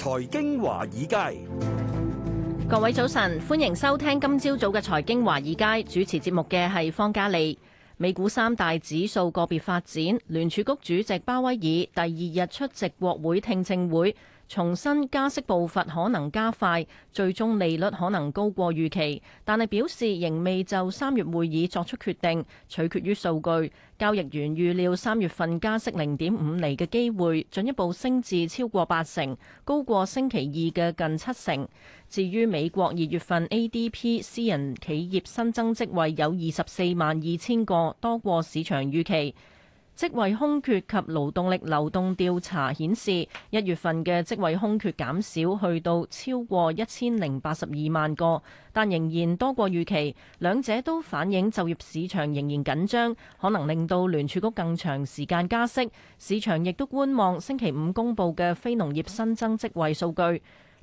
財經華爾街，各位早晨，歡迎收聽今朝早嘅財經華爾街。主持節目嘅係方嘉利。美股三大指數個別發展，聯儲局主席鮑威爾第二日出席國會聽證會。重新加息步伐可能加快，最終利率可能高過預期，但係表示仍未就三月會議作出決定，取決於數據，交易員預料三月份加息零點五厘嘅機會進一步升至超過八成，高過星期二嘅近七成。至於美國二月份 ADP 私人企業新增職位有二十四萬二千個，多過市場預期。職位空缺及勞動力流動調查顯示，一月份嘅職位空缺減少去到超過一千零八十二萬個，但仍然多過預期。兩者都反映就業市場仍然緊張，可能令到聯儲局更長時間加息。市場亦都觀望星期五公佈嘅非農業新增職位數據。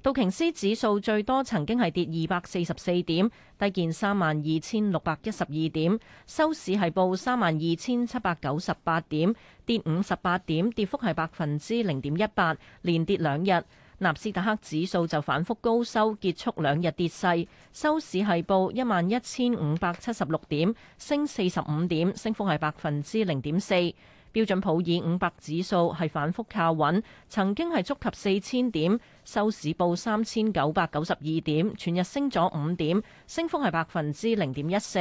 道瓊斯指數最多曾經係跌二百四十四點，低見三萬二千六百一十二點，收市係報三萬二千七百九十八點，跌五十八點，跌幅係百分之零點一八，連跌兩日。納斯達克指數就反覆高收，結束兩日跌勢，收市係報一萬一千五百七十六點，升四十五點，升幅係百分之零點四。標準普爾五百指數係反覆靠穩，曾經係觸及四千點，收市報三千九百九十二點，全日升咗五點，升幅係百分之零點一四。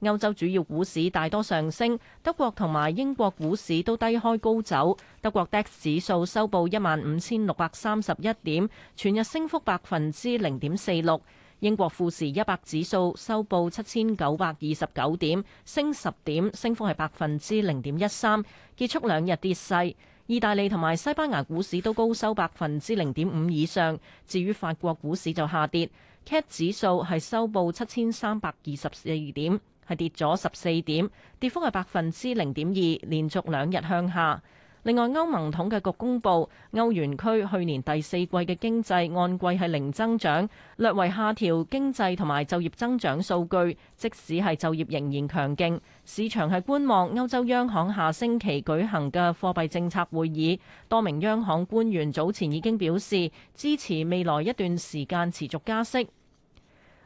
歐洲主要股市大多上升，德國同埋英國股市都低開高走。德國 DAX 指數收報一萬五千六百三十一點，全日升幅百分之零點四六。英國富時一百指數收報七千九百二十九點，升十點，升幅係百分之零點一三，結束兩日跌勢。意大利同埋西班牙股市都高收百分之零點五以上，至於法國股市就下跌，CAC 指數係收報七千三百二十四點，係跌咗十四點，跌幅係百分之零點二，連續兩日向下。另外，歐盟統計局公布歐元區去年第四季嘅經濟按季係零增長，略為下調經濟同埋就業增長數據，即使係就業仍然強勁，市場係觀望歐洲央行下星期舉行嘅貨幣政策會議，多名央行官員早前已經表示支持未來一段時間持續加息。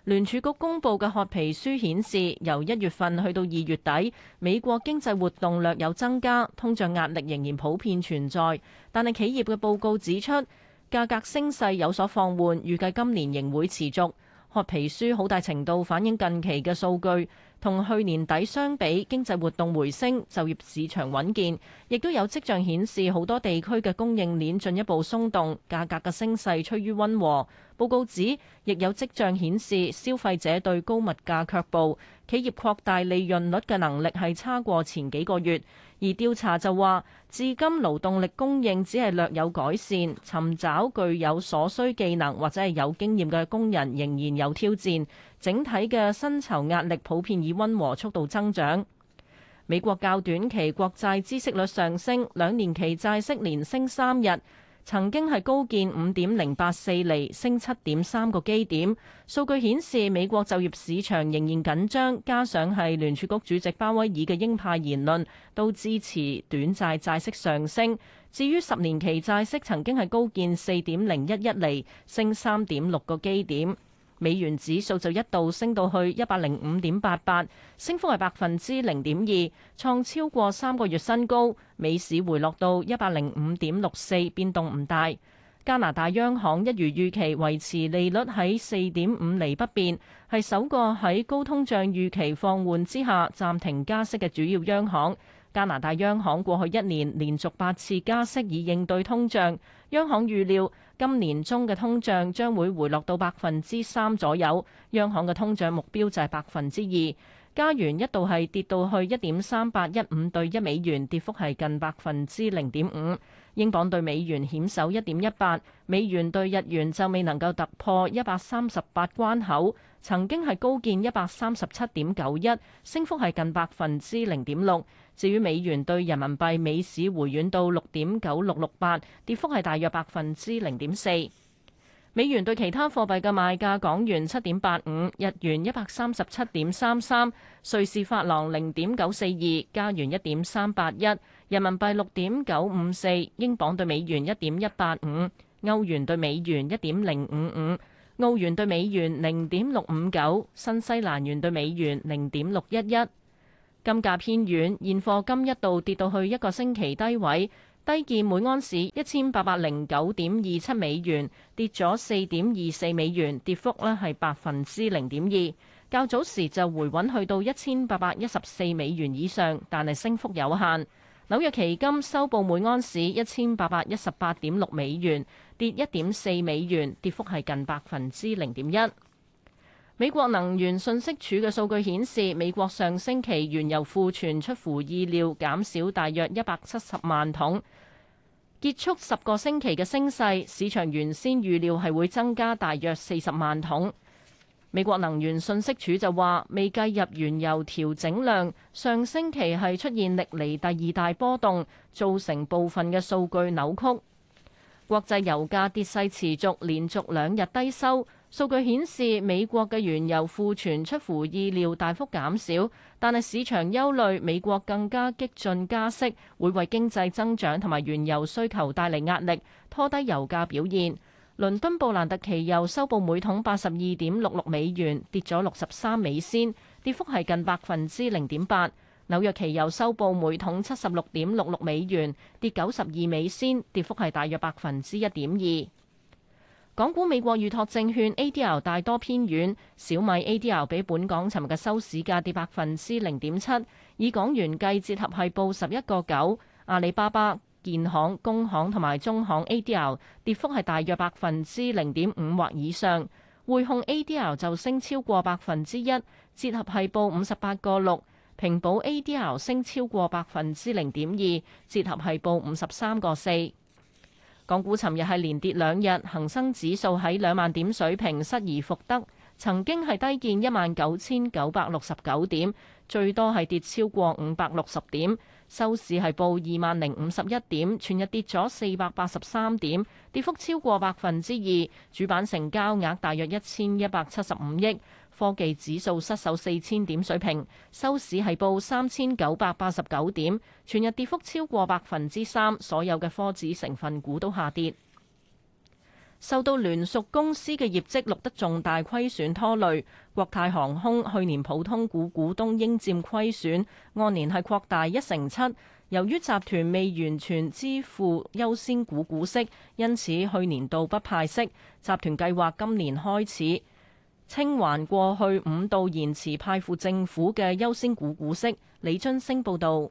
聯儲局公佈嘅褐皮書顯示，由一月份去到二月底，美國經濟活動略有增加，通脹壓力仍然普遍存在。但係企業嘅報告指出，價格升勢有所放緩，預計今年仍會持續。褐皮書好大程度反映近期嘅數據，同去年底相比，經濟活動回升，就業市場穩健，亦都有跡象顯示好多地區嘅供應鏈進一步鬆動，價格嘅升勢趨於溫和。報告指，亦有跡象顯示消費者對高物價卻步，企業擴大利潤率嘅能力係差過前幾個月。而調查就話，至今勞動力供應只係略有改善，尋找具有所需技能或者係有經驗嘅工人仍然有挑戰，整體嘅薪酬壓力普遍以溫和速度增長，美國較短期國債孳息率上升，兩年期債息連升三日。曾經係高見五點零八四厘，升七點三個基點。數據顯示美國就業市場仍然緊張，加上係聯儲局主席鮑威爾嘅鷹派言論，都支持短債債息上升。至於十年期債息曾經係高見四點零一一厘，升三點六個基點。美元指數就一度升到去一百零五點八八，升幅係百分之零點二，創超過三個月新高。美市回落到一百零五點六四，變動唔大。加拿大央行一如預期維持利率喺四點五厘不變，係首個喺高通脹預期放緩之下暫停加息嘅主要央行。加拿大央行過去一年連續八次加息以應對通脹，央行預料，今年中嘅通脹將會回落到百分之三左右，央行嘅通脹目標就係百分之二。加元一度係跌到去一點三八一五對一美元，跌幅係近百分之零點五。英鎊對美元險守一點一八，美元對日元就未能夠突破一百三十八關口，曾經係高見一百三十七點九一，升幅係近百分之零點六。至於美元對人民幣，美市回軟到六點九六六八，跌幅係大約百分之零點四。美元對其他貨幣嘅賣價，港元七點八五，日元一百三十七點三三，瑞士法郎零點九四二，加元一點三八一。人民幣六點九五四，英鎊對美元一點一八五，歐元對美元一點零五五，澳元對美元零點六五九，新西蘭元對美元零點六一一。金價偏軟，現貨金一度跌到去一個星期低位，低見每安士一千八百零九點二七美元，跌咗四點二四美元，跌幅咧係百分之零點二。較早時就回穩去到一千八百一十四美元以上，但係升幅有限。紐約期金收報每安士一千八百一十八點六美元，跌一點四美元，跌幅係近百分之零點一。美國能源信息署嘅數據顯示，美國上星期原油庫存出乎意料減少大約一百七十萬桶，結束十個星期嘅升勢。市場原先預料係會增加大約四十萬桶。美國能源信息署就話，未計入原油調整量，上星期係出現歷嚟第二大波動，造成部分嘅數據扭曲。國際油價跌勢持續，連續兩日低收。數據顯示，美國嘅原油庫存出乎意料大幅減少，但係市場憂慮美國更加激進加息，會為經濟增長同埋原油需求帶嚟壓力，拖低油價表現。倫敦布蘭特期油收報每桶八十二點六六美元，跌咗六十三美仙，跌幅係近百分之零點八。紐約期油收報每桶七十六點六六美元，跌九十二美仙，跌幅係大約百分之一點二。港股美國預託證券 ADR 大多偏軟，小米 ADR 比本港尋日嘅收市價跌百分之零點七，以港元計，折合係報十一個九。阿里巴巴。建行、工行同埋中行 A D R 跌幅係大約百分之零點五或以上，匯控 A D R 就升超過百分之一，折合係報五十八個六，平保 A D R 升超過百分之零點二，折合係報五十三個四。港股尋日係連跌兩日，恒生指數喺兩萬點水平失而復得。曾經係低見一萬九千九百六十九點，最多係跌超過五百六十點，收市係報二萬零五十一點，全日跌咗四百八十三點，跌幅超過百分之二。主板成交額大約一千一百七十五億，科技指數失守四千點水平，收市係報三千九百八十九點，全日跌幅超過百分之三，所有嘅科指成分股都下跌。受到聯屬公司嘅業績錄得重大虧損拖累，國泰航空去年普通股股東應佔虧損，按年係擴大一成七。由於集團未完全支付優先股股息，因此去年度不派息。集團計劃今年開始清還過去五度延遲派付政府嘅優先股股息。李津升報導。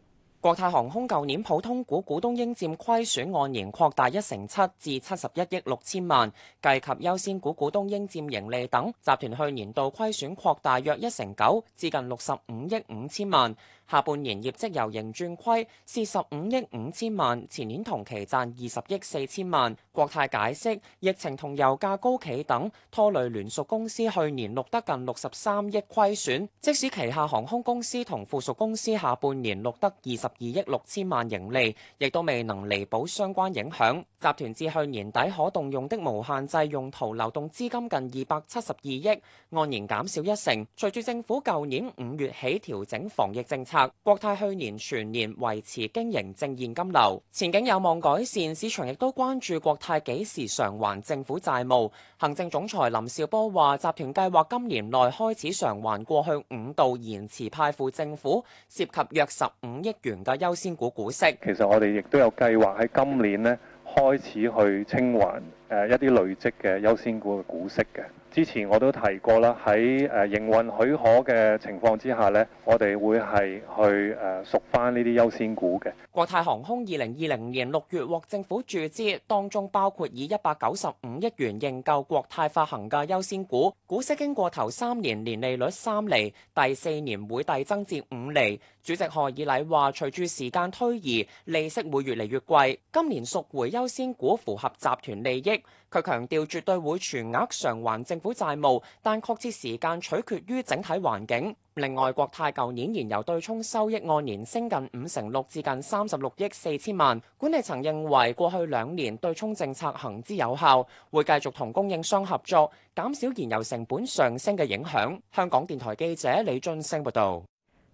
國泰航空舊年普通股股東應佔虧損，按年擴大一成七至七十一億六千萬，計及優先股股東應佔盈利等，集團去年度虧損擴大約一成九至近六十五億五千萬。下半年業績由盈轉虧，四十五億五千萬，前年同期賺二十億四千萬。國泰解釋疫情同油價高企等拖累聯屬公司去年錄得近六十三億虧損，即使旗下航空公司同附屬公司下半年錄得二十二億六千萬盈利，亦都未能彌補相關影響。集團至去年底可動用的無限制用途流動資金近二百七十二億，按年減少一成。隨住政府舊年五月起調整防疫政策。國泰去年全年維持經營正現金流，前景有望改善。市場亦都關注國泰幾時償還政府債務。行政總裁林紹波話：集團計劃今年內開始償還過去五度延遲派付政府涉及約十五億元嘅優先股股息。其實我哋亦都有計劃喺今年呢開始去清還誒一啲累積嘅優先股嘅股息嘅。之前我都提過啦，喺誒營運許可嘅情況之下咧，我哋會係去誒贖翻呢啲優先股嘅。國泰航空二零二零年六月獲政府注資，當中包括以一百九十五億元認購國泰發行嘅優先股，股息經過頭三年年利率三厘，第四年會遞增至五厘。主席賀以禮話，隨住時間推移，利息會越嚟越貴，今年贖回優先股符合集團利益。佢強調絕對會全額償還政府債務，但確切時間取決於整體環境。另外，國泰舊年燃油對沖收益按年升近五成六，至近三十六億四千萬。管理層認為過去兩年對沖政策行之有效，會繼續同供應商合作，減少燃油成本上升嘅影響。香港電台記者李俊昇報導。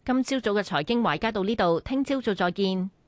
今朝早嘅財經華爾街到呢度，聽朝早再見。